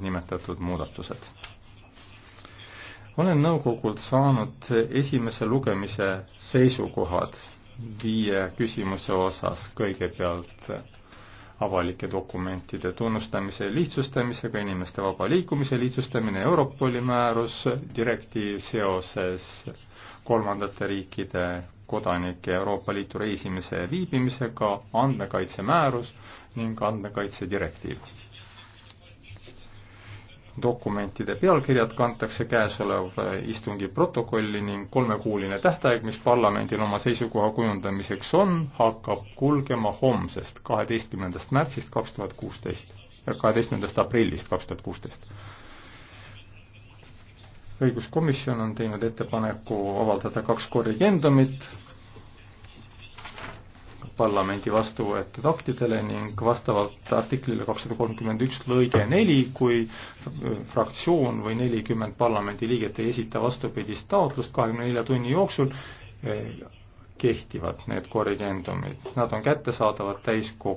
nimetatud muudatused. olen nõukogult saanud esimese lugemise seisukohad viie küsimuse osas, kõigepealt avalike dokumentide tunnustamise lihtsustamisega, inimeste vaba liikumise lihtsustamine, Europoli määrus, direktiiv seoses kolmandate riikide kodanike Euroopa Liitu reisimise ja viibimisega, andmekaitsemäärus ning andmekaitse direktiiv dokumentide pealkirjad kantakse käesoleva istungi protokolli ning kolmekuuline tähtaeg, mis parlamendil oma seisukoha kujundamiseks on, hakkab kulgema homsest, kaheteistkümnendast märtsist kaks tuhat kuusteist, kaheteistkümnendast aprillist kaks tuhat kuusteist. õiguskomisjon on teinud ettepaneku avaldada kaks korrigendumit parlamendi vastu võetud aktidele ning vastavalt artiklile kakssada kolmkümmend üks lõige neli, kui fraktsioon või nelikümmend parlamendiliiget ei esita vastupidist taotlust kahekümne nelja tunni jooksul, eh, kehtivad need korrigendumid, nad on kättesaadavad täiskogu